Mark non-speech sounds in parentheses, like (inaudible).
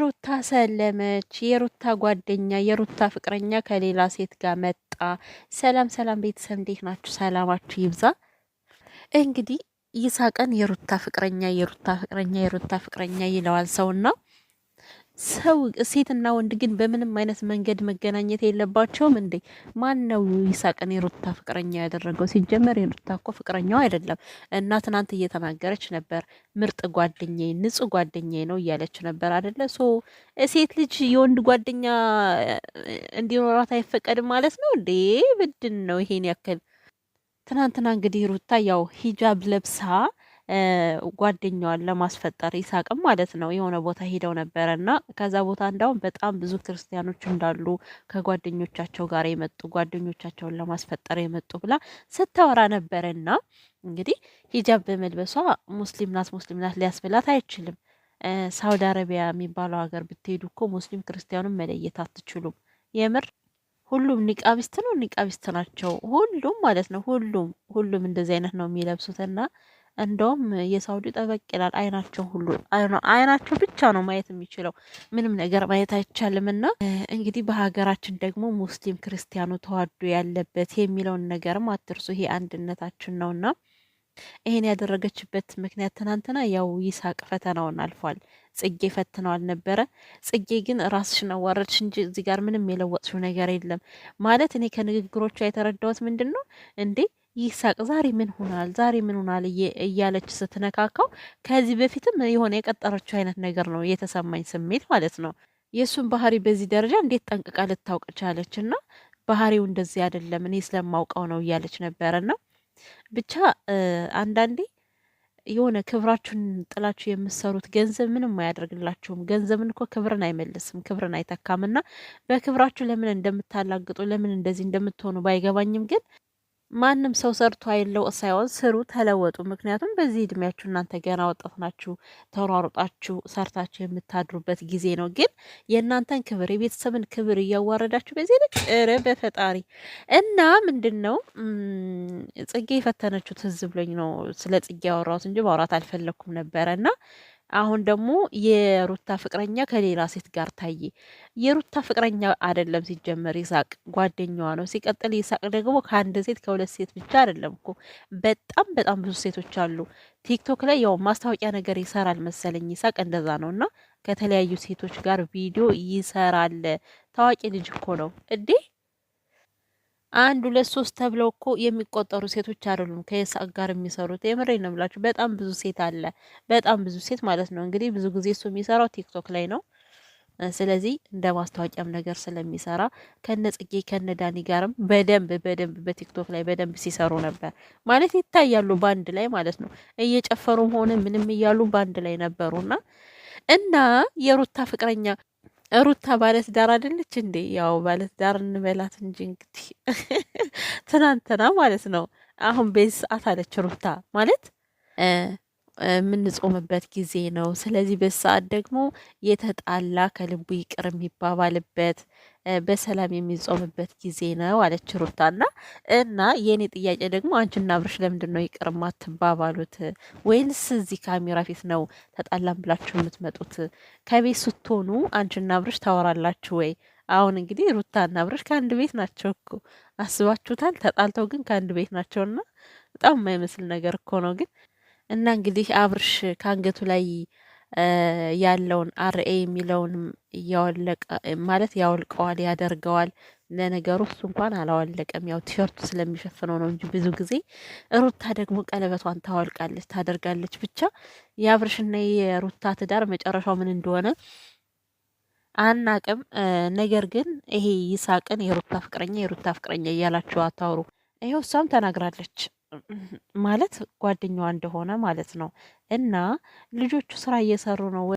ሩታ ሰለመች። የሩታ ጓደኛ የሩታ ፍቅረኛ ከሌላ ሴት ጋር መጣ። ሰላም ሰላም ቤተሰብ እንዴት ናችሁ? ሰላማችሁ ይብዛ። እንግዲህ ይሳቀን የሩታ ፍቅረኛ የሩታ ፍቅረኛ የሩታ ፍቅረኛ ይለዋል ሰውና ሰው ሴትና ወንድ ግን በምንም አይነት መንገድ መገናኘት የለባቸውም እንዴ? ማን ነው ይሳቅን የሩታ ፍቅረኛ ያደረገው? ሲጀመር የሩታ እኮ ፍቅረኛው አይደለም። እና ትናንት እየተናገረች ነበር፣ ምርጥ ጓደኛ፣ ንጹህ ጓደኛ ነው እያለች ነበር አደለ? ሶ ሴት ልጅ የወንድ ጓደኛ እንዲኖራት አይፈቀድም ማለት ነው እንዴ? ብድን ነው ይሄን ያክል። ትናንትና እንግዲህ ሩታ ያው ሂጃብ ለብሳ ጓደኛዋን ለማስፈጠር ይሳቅም ማለት ነው የሆነ ቦታ ሄደው ነበረ እና ከዛ ቦታ እንዳውም በጣም ብዙ ክርስቲያኖች እንዳሉ ከጓደኞቻቸው ጋር የመጡ ጓደኞቻቸውን ለማስፈጠር የመጡ ብላ ስታወራ ነበረ እና እንግዲህ ሂጃብ በመልበሷ ሙስሊም ናት ሙስሊም ናት ሊያስብላት አይችልም። ሳውዲ አረቢያ የሚባለው ሀገር ብትሄዱ እኮ ሙስሊም ክርስቲያኑን መለየት አትችሉም። የምር ሁሉም ኒቃቢስት ነው፣ ኒቃቢስት ናቸው ሁሉም ማለት ነው። ሁሉም ሁሉም እንደዚህ አይነት ነው የሚለብሱትና እንደውም የሳውዲ ጠበቅ ይላል። አይናቸው ሁሉ አይናቸው ብቻ ነው ማየት የሚችለው ምንም ነገር ማየት አይቻልም። እና እንግዲህ በሀገራችን ደግሞ ሙስሊም ክርስቲያኑ ተዋዶ ያለበት የሚለውን ነገርም አትርሱ። ይሄ አንድነታችን ነውና ይሄን ያደረገችበት ምክንያት ትናንትና ያው ይሳቅ ፈተናውን አልፏል። ጽጌ ፈትነዋል ነበረ። ጽጌ ግን ራስሽን አዋረድሽ እንጂ እዚህ ጋር ምንም የለወጥሽው ነገር የለም ማለት እኔ ከንግግሮቿ የተረዳሁት ምንድን ነው እንዴ ይሳቅ ዛሬ ምን ሆናል፣ ዛሬ ምን ሆናል እያለች ስትነካካው ከዚህ በፊትም የሆነ የቀጠረችው አይነት ነገር ነው የተሰማኝ ስሜት ማለት ነው። የእሱን ባህሪ በዚህ ደረጃ እንዴት ጠንቅቃ ልታውቅ ቻለች? እና ባህሪው እንደዚህ አይደለም እኔ ስለማውቀው ነው እያለች ነበረና ብቻ አንዳንዴ የሆነ ክብራችሁን ጥላችሁ የምትሰሩት ገንዘብ ምንም አያደርግላችሁም። ገንዘብን እኮ ክብርን አይመልስም፣ ክብርን አይተካምና በክብራችሁ ለምን እንደምታላግጡ ለምን እንደዚህ እንደምትሆኑ ባይገባኝም ግን ማንም ሰው ሰርቶ አይለው ሳይሆን ስሩ፣ ተለወጡ። ምክንያቱም በዚህ እድሜያችሁ እናንተ ገና ወጣት ናችሁ። ተሯሩጣችሁ ሰርታችሁ የምታድሩበት ጊዜ ነው። ግን የእናንተን ክብር የቤተሰብን ክብር እያዋረዳችሁ በዚህ ልክ ኧረ በፈጣሪ እና ምንድን ነው ጽጌ የፈተነችው ትዝ ብሎኝ ነው ስለ ጽጌ ያወራሁት እንጂ ማውራት አልፈለግኩም ነበረ እና አሁን ደግሞ የሩታ ፍቅረኛ ከሌላ ሴት ጋር ታየ። የሩታ ፍቅረኛ አይደለም ሲጀመር ይሳቅ ጓደኛዋ ነው። ሲቀጥል ይሳቅ ደግሞ ከአንድ ሴት ከሁለት ሴት ብቻ አይደለም እኮ በጣም በጣም ብዙ ሴቶች አሉ። ቲክቶክ ላይ ያው ማስታወቂያ ነገር ይሰራል መሰለኝ ይሳቅ እንደዛ ነው። እና ከተለያዩ ሴቶች ጋር ቪዲዮ ይሰራል። ታዋቂ ልጅ እኮ ነው እንዴ አንድ ሁለት ሶስት ተብለው እኮ የሚቆጠሩ ሴቶች አይደሉም ከይስሐቅ ጋር የሚሰሩት። የምሬ ነው ብላችሁ በጣም ብዙ ሴት አለ፣ በጣም ብዙ ሴት ማለት ነው። እንግዲህ ብዙ ጊዜ እሱ የሚሰራው ቲክቶክ ላይ ነው። ስለዚህ እንደ ማስታወቂያም ነገር ስለሚሰራ ከነ ጽጌ ከነ ዳኒ ጋርም በደንብ በደንብ በቲክቶክ ላይ በደንብ ሲሰሩ ነበር ማለት ይታያሉ። በአንድ ላይ ማለት ነው እየጨፈሩም ሆነ ምንም እያሉ በአንድ ላይ ነበሩና እና የሩታ ፍቅረኛ ሩታ ባለትዳር አይደለች እንዴ? ያው ባለትዳር እንበላት እንጂ እንግዲህ (laughs) ትናንትና ማለት ነው። አሁን በዚህ ሰዓት አለች ሩታ ማለት የምንጾምበት ጊዜ ነው። ስለዚህ በሰዓት ደግሞ የተጣላ ከልቡ ይቅር የሚባባልበት በሰላም የሚጾምበት ጊዜ ነው አለች ሩታና እና የእኔ ጥያቄ ደግሞ አንቺና ብርሽ ለምንድን ነው ይቅር ማትባባሉት? ወይንስ እዚህ ካሜራ ፊት ነው ተጣላም ብላችሁ የምትመጡት? ከቤት ስትሆኑ አንቺና ብርሽ ታወራላችሁ ወይ? አሁን እንግዲህ ሩታና ብርሽ ከአንድ ቤት ናቸው እኮ አስባችሁታል። ተጣልተው ግን ከአንድ ቤት ናቸውና በጣም የማይመስል ነገር እኮ ነው ግን እና እንግዲህ አብርሽ ከአንገቱ ላይ ያለውን አርኤ የሚለውን እያወለቀ ማለት ያወልቀዋል፣ ያደርገዋል። ለነገሩ እሱ እንኳን አላወለቀም፣ ያው ቲሸርቱ ስለሚሸፍነው ነው እንጂ ብዙ ጊዜ ሩታ ደግሞ ቀለበቷን ታወልቃለች፣ ታደርጋለች። ብቻ የአብርሽና የሩታ ትዳር መጨረሻው ምን እንደሆነ አናቅም። ነገር ግን ይሄ ይሳቅን የሩታ ፍቅረኛ የሩታ ፍቅረኛ እያላችሁ አታውሩ። ይኸው እሷም ተናግራለች። ማለት ጓደኛዋ እንደሆነ ማለት ነው። እና ልጆቹ ስራ እየሰሩ ነው